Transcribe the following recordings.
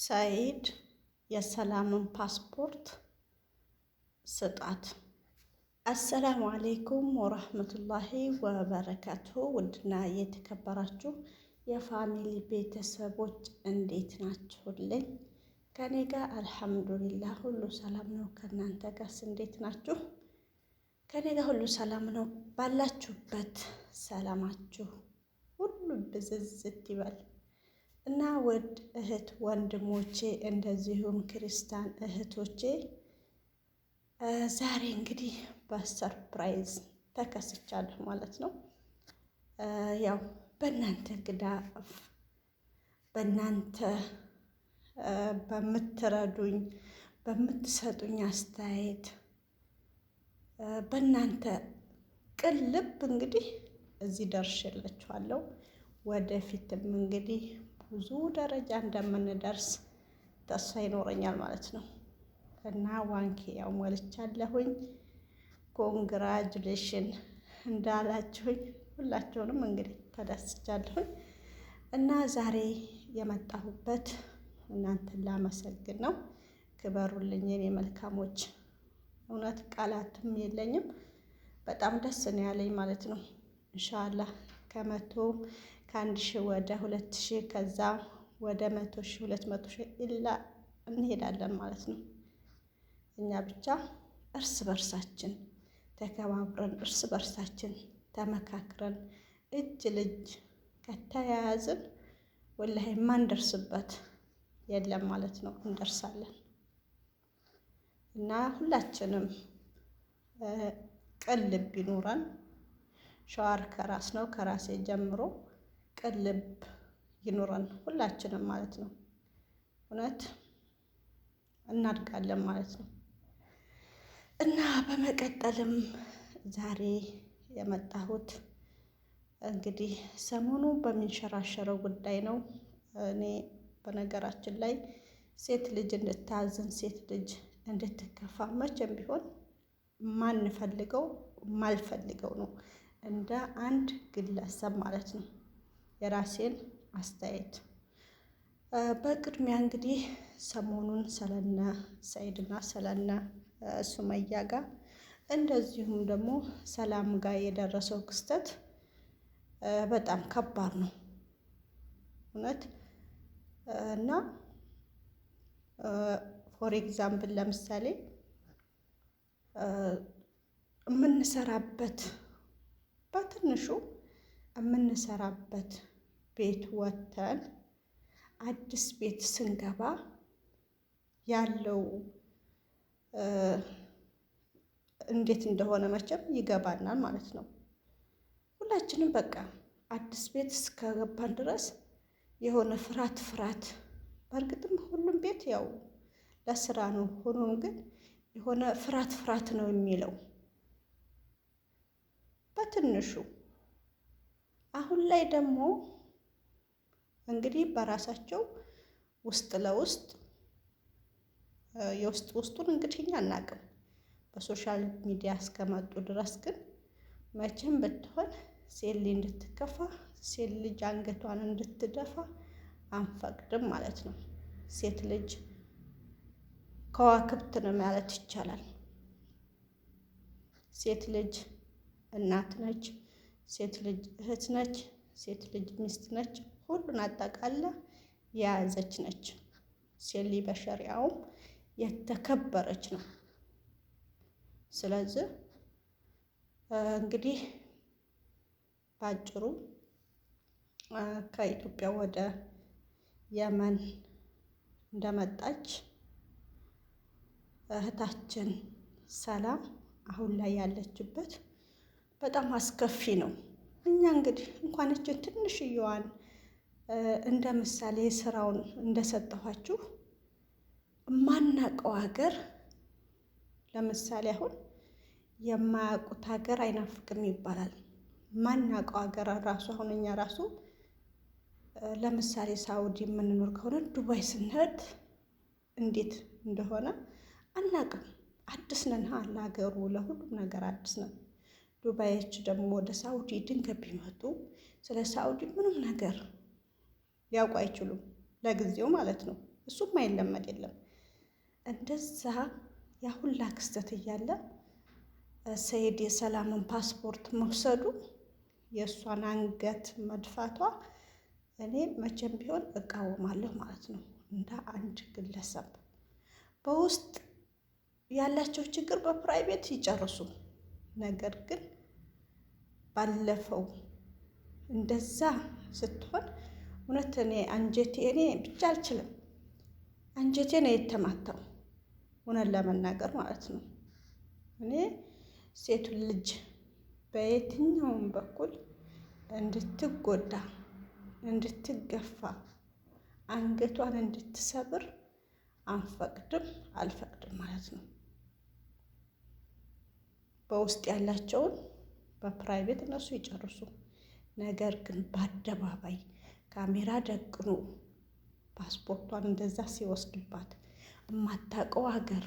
ሰኢድ የሰላምን ፓስፖርት ስጣት። አሰላሙ አሌይኩም ወረህመቱላሂ ወበረከቱ ውድና የተከበራችሁ የፋሚሊ ቤተሰቦች እንዴት ናችሁልኝ? ከኔ ጋር አልሐምዱሊላህ ሁሉ ሰላም ነው። ከእናንተ ጋርስ እንዴት ናችሁ? ከኔ ጋር ሁሉ ሰላም ነው። ባላችሁበት ሰላማችሁ ሁሉ ብዝዝት ይበል። እና ውድ እህት ወንድሞቼ እንደዚሁም ክርስቲያን እህቶቼ ዛሬ እንግዲህ በሰርፕራይዝ ተከስቻለሁ ማለት ነው። ያው በእናንተ ግዳ በእናንተ በምትረዱኝ በምትሰጡኝ አስተያየት በእናንተ ቅልብ እንግዲህ እዚህ ደርሼላችኋለሁ። ወደፊትም እንግዲህ ብዙ ደረጃ እንደምንደርስ ተስፋ ይኖረኛል ማለት ነው። እና ዋንኬ ያው ሞልቻለሁኝ። ኮንግራጁሌሽን እንዳላችሁኝ ሁላችሁንም እንግዲህ ተደስቻለሁኝ። እና ዛሬ የመጣሁበት እናንተን ላመሰግን ነው። ክበሩልኝ የኔ መልካሞች። እውነት ቃላትም የለኝም። በጣም ደስ ነው ያለኝ ማለት ነው። እንሻላህ ከመቶ ከአንድ ሺህ ወደ ሁለት ሺ ከዛ ወደ መቶ ሺ ሁለት መቶ ሺ ኢላ እንሄዳለን ማለት ነው። እኛ ብቻ እርስ በርሳችን ተከባብረን እርስ በርሳችን ተመካክረን እጅ ልጅ ከተያያዝን ወላሂ የማንደርስበት የለም ማለት ነው። እንደርሳለን እና ሁላችንም ቅልብ ቢኖረን ሸዋር ከራስ ነው። ከራሴ ጀምሮ ቅን ልብ ይኑረን ሁላችንም ማለት ነው። እውነት እናድጋለን ማለት ነው እና በመቀጠልም ዛሬ የመጣሁት እንግዲህ ሰሞኑ በሚንሸራሸረው ጉዳይ ነው። እኔ በነገራችን ላይ ሴት ልጅ እንድታዝን ሴት ልጅ እንድትከፋ መቼም ቢሆን ማንፈልገው ማልፈልገው ነው። እንደ አንድ ግለሰብ ማለት ነው የራሴን አስተያየት። በቅድሚያ እንግዲህ ሰሞኑን ስለነ ሰይድና ስለነ ሱመያ ጋር እንደዚሁም ደግሞ ሰላም ጋር የደረሰው ክስተት በጣም ከባድ ነው እውነት እና ፎር ኤግዛምፕል ለምሳሌ የምንሰራበት በትንሹ የምንሰራበት ቤት ወተን አዲስ ቤት ስንገባ ያለው እንዴት እንደሆነ መቼም ይገባናል ማለት ነው። ሁላችንም በቃ አዲስ ቤት እስከገባን ድረስ የሆነ ፍርሃት ፍርሃት በእርግጥም ሁሉም ቤት ያው ለስራ ነው። ሆኖም ግን የሆነ ፍርሃት ፍርሃት ነው የሚለው በትንሹ አሁን ላይ ደግሞ እንግዲህ በራሳቸው ውስጥ ለውስጥ የውስጥ ውስጡን እንግዲህ እኛ አናውቅም። በሶሻል ሚዲያ እስከመጡ ድረስ ግን መቼም ብትሆን ሴት ልጅ እንድትከፋ ሴት ልጅ አንገቷን እንድትደፋ አንፈቅድም ማለት ነው። ሴት ልጅ ከዋክብት ነው ማለት ይቻላል። ሴት ልጅ እናት ነች፣ ሴት ልጅ እህት ነች፣ ሴት ልጅ ሚስት ነች። ሁሉን አጠቃላ የያዘች ነች። ሴሊ በሸሪያውም የተከበረች ነው። ስለዚህ እንግዲህ በአጭሩ ከኢትዮጵያ ወደ የመን እንደመጣች እህታችን ሰላም አሁን ላይ ያለችበት በጣም አስከፊ ነው። እኛ እንግዲህ እንኳንችን ትንሽየዋን እንደ ምሳሌ ስራውን እንደሰጠኋችሁ የማናቀው ሀገር ለምሳሌ አሁን የማያውቁት ሀገር አይናፍቅም ይባላል። ማናቀው ሀገር ራሱ አሁን እኛ ራሱ ለምሳሌ ሳውዲ የምንኖር ከሆነ ዱባይ ስንሄድ እንዴት እንደሆነ አናቅም አዲስ ነን ለሀገሩ፣ ለሁሉም ነገር አዲስ ነን። ዱባዮች ደግሞ ወደ ሳውዲ ድንገት ቢመጡ ስለ ሳውዲ ምንም ነገር ሊያውቁ አይችሉም። ለጊዜው ማለት ነው። እሱም አይለመድ የለም እንደዛ ሁላ ክስተት እያለ ሰይድ የሰላምን ፓስፖርት መውሰዱ የእሷን አንገት መድፋቷ እኔ መቼም ቢሆን እቃወማለሁ ማለት ነው። እንደ አንድ ግለሰብ በውስጥ ያላቸው ችግር በፕራይቬት ይጨርሱ። ነገር ግን ባለፈው እንደዛ ስትሆን እውነት እኔ አንጀቴ እኔ ብቻ አልችልም። አንጀቴ ነው የተማታው፣ እውነት ለመናገር ማለት ነው። እኔ ሴቱን ልጅ በየትኛውም በኩል እንድትጎዳ፣ እንድትገፋ፣ አንገቷን እንድትሰብር አንፈቅድም፣ አልፈቅድም ማለት ነው። በውስጥ ያላቸውን በፕራይቬት እነሱ ይጨርሱ። ነገር ግን በአደባባይ ካሜራ ደቅኖ ፓስፖርቷን እንደዛ ሲወስድባት የማታውቀው ሀገር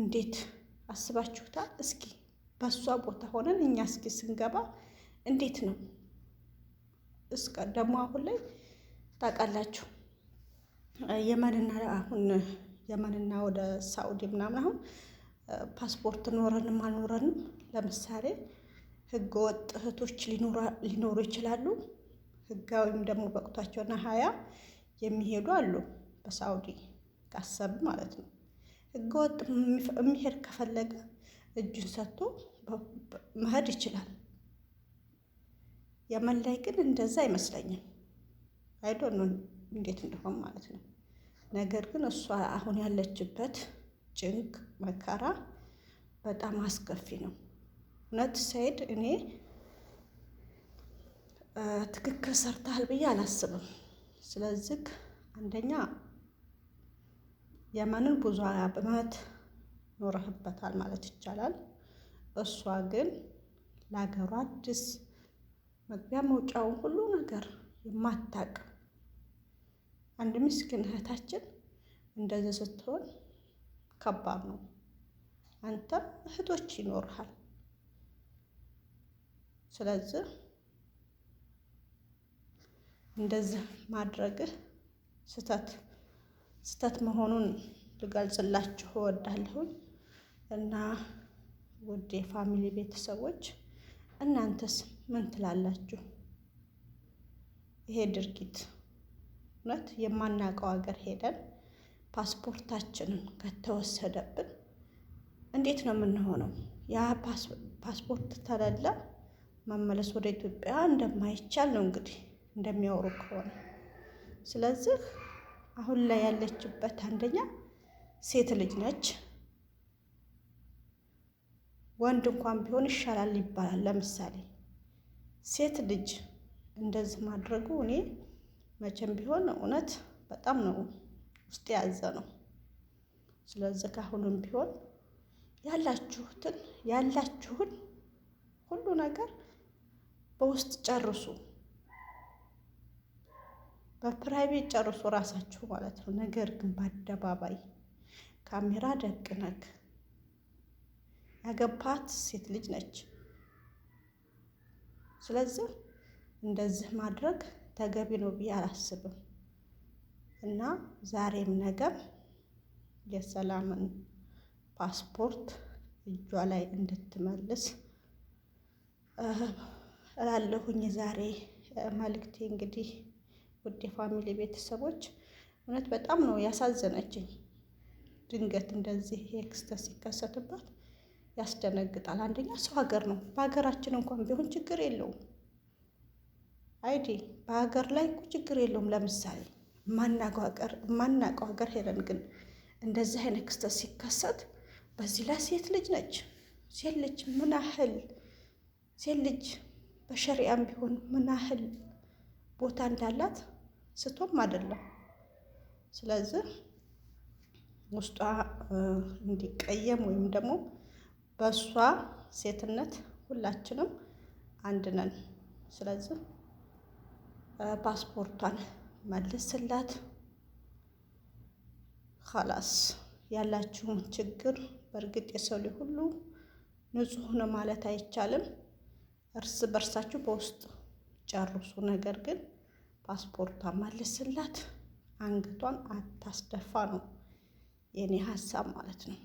እንዴት አስባችሁታ? እስኪ በእሷ ቦታ ሆነን እኛ እስኪ ስንገባ እንዴት ነው? እስከ ደግሞ አሁን ላይ ታውቃላችሁ የመንና አሁን የመንና ወደ ሳኡዲ ምናምን አሁን ፓስፖርት ኖረንም አልኖረንም ለምሳሌ ህገወጥ እህቶች ሊኖሩ ይችላሉ። ህጋዊም ደግሞ በቅቷቸውና ሀያ የሚሄዱ አሉ በሳውዲ ካሰብ ማለት ነው። ህገወጥ የሚሄድ ከፈለገ እጁን ሰጥቶ መሄድ ይችላል። የመን ላይ ግን እንደዛ አይመስለኝም። አይዶ ነው እንዴት እንደሆን ማለት ነው። ነገር ግን እሷ አሁን ያለችበት ጭንቅ መከራ በጣም አስከፊ ነው። እውነት ሰኢድ እኔ ትክክል ሰርተሃል ብዬ አላስብም። ስለዚህ አንደኛ የመንን ብዙ አብመት ኖረህበታል ማለት ይቻላል። እሷ ግን ለሀገሯ አዲስ መግቢያ መውጫውን ሁሉ ነገር የማታቅ አንድ ምስኪን እህታችን እንደዚህ ስትሆን ከባድ ነው። አንተም እህቶች ይኖርሃል። ስለዚህ እንደዚህ ማድረግህ ስህተት ስህተት መሆኑን ልገልጽላችሁ እወዳለሁኝ እና ውድ የፋሚሊ ቤተሰቦች እናንተስ ምን ትላላችሁ? ይሄ ድርጊት እውነት የማናውቀው ሀገር ሄደን ፓስፖርታችንን ከተወሰደብን እንዴት ነው የምንሆነው? ያ ፓስፖርት ተለለ መመለስ ወደ ኢትዮጵያ እንደማይቻል ነው እንግዲህ እንደሚያወሩ ከሆነ። ስለዚህ አሁን ላይ ያለችበት አንደኛ ሴት ልጅ ነች። ወንድ እንኳን ቢሆን ይሻላል ይባላል። ለምሳሌ ሴት ልጅ እንደዚህ ማድረጉ እኔ መቼም ቢሆን እውነት በጣም ነው ውስጥ የያዘ ነው። ስለዚህ ከአሁንም ቢሆን ያላችሁትን ያላችሁን ሁሉ ነገር በውስጥ ጨርሱ፣ በፕራይቬት ጨርሱ ራሳችሁ ማለት ነው። ነገር ግን በአደባባይ ካሜራ ደቅነክ ያገባት ሴት ልጅ ነች። ስለዚህ እንደዚህ ማድረግ ተገቢ ነው ብዬ አላስብም እና ዛሬም ነገም የሰላምን ፓስፖርት እጇ ላይ እንድትመልስ እላለሁኝ። ዛሬ መልእክቴ እንግዲህ ውድ የፋሚሊ ቤተሰቦች እውነት በጣም ነው ያሳዘነችኝ። ድንገት እንደዚህ የክስተት ሲከሰትባት ያስደነግጣል። አንደኛ ሰው ሀገር ነው። በሀገራችን እንኳን ቢሆን ችግር የለውም አይዲ በሀገር ላይ እኮ ችግር የለውም። ለምሳሌ የማናውቀው ሀገር ሄደን ግን እንደዚህ አይነት ክስተት ሲከሰት በዚህ ላይ ሴት ልጅ ነች ሴት ልጅ ምን ያህል ሴት ልጅ በሸሪያም ቢሆን ምን ያህል ቦታ እንዳላት ስቶም አይደለም። ስለዚህ ውስጧ እንዲቀየም ወይም ደግሞ በእሷ ሴትነት ሁላችንም አንድ ነን። ስለዚህ ፓስፖርቷን መልስላት። ኸላስ ያላችሁን ችግር በእርግጥ የሰው ሁሉ ንጹህ ነው ማለት አይቻልም። እርስ በርሳችሁ በውስጥ ጨርሱ። ነገር ግን ፓስፖርት አማልስላት፣ አንገቷን አታስደፋ ነው የኔ ሀሳብ ማለት ነው።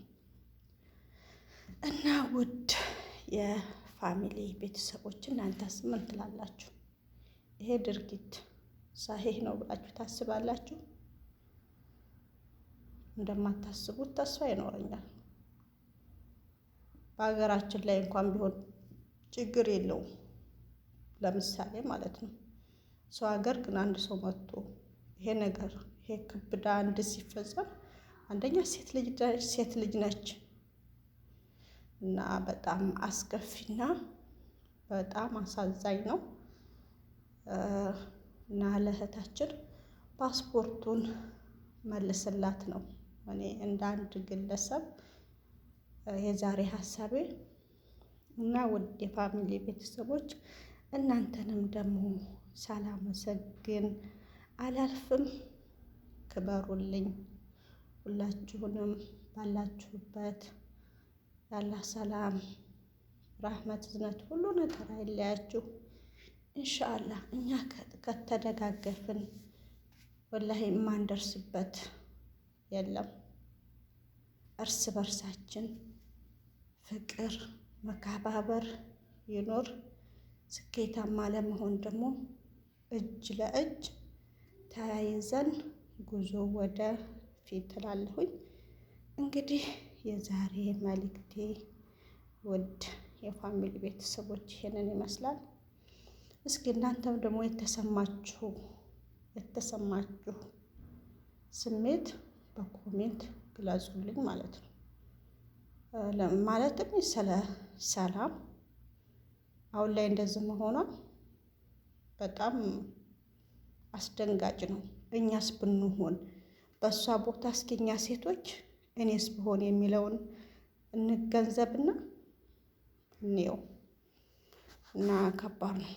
እና ውድ የፋሚሊ ቤተሰቦች እናንተስ ምን ትላላችሁ? ይሄ ድርጊት ሳሄ ነው ብላችሁ ታስባላችሁ? እንደማታስቡት ተስፋ ይኖረኛል። በሀገራችን ላይ እንኳን ቢሆን ችግር የለውም። ለምሳሌ ማለት ነው። ሰው ሀገር ግን አንድ ሰው መጥቶ ይሄ ነገር ይሄ ክብዳ አንድ ሲፈጸም አንደኛ ሴት ልጅ ሴት ልጅ ነች እና በጣም አስከፊና በጣም አሳዛኝ ነው እና ለእህታችን ፓስፖርቱን መልስላት ነው እኔ እንደ አንድ ግለሰብ የዛሬ ሀሳቤ እና ውድ የፋሚሊ ቤተሰቦች እናንተንም ደግሞ ሳላመሰግን አላልፍም። ክበሩልኝ። ሁላችሁንም ባላችሁበት ያላ ሰላም፣ ራህመት፣ ዝነት ሁሉ ነገር አይለያችሁ። እንሻአላ እኛ ከተደጋገፍን ወላሂ የማንደርስበት የለም። እርስ በርሳችን ፍቅር መከባበር ይኖር ስኬታማ ለመሆን ደግሞ እጅ ለእጅ ተያይዘን ጉዞ ወደ ፊት ትላለሁኝ እንግዲህ የዛሬ መልእክቴ ውድ የፋሚሊ ቤተሰቦች ይሄንን ይመስላል። እስኪ እናንተም ደግሞ የተሰማችሁ የተሰማችሁ ስሜት በኮሜንት ግለጹልኝ ማለት ነው። ማለትም ስለ ሰላም አሁን ላይ እንደዚህ መሆኗ በጣም አስደንጋጭ ነው። እኛስ ብንሆን በእሷ ቦታ እስኪ እኛ ሴቶች እኔስ ብሆን የሚለውን እንገንዘብና እኔው እና ከባድ ነው።